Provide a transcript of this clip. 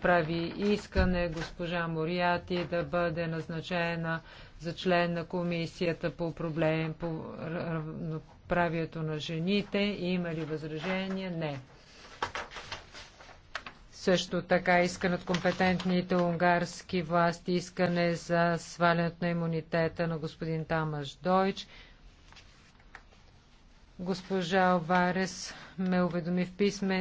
прави искане госпожа Мориати да бъде назначена за член на комисията по проблем по равноправието на жените. Има ли възражение? Не. Също така искан от компетентните унгарски власти искане за свалянето на имунитета на господин Тамаш Дойч. Госпожа Оварес ме уведоми в писме.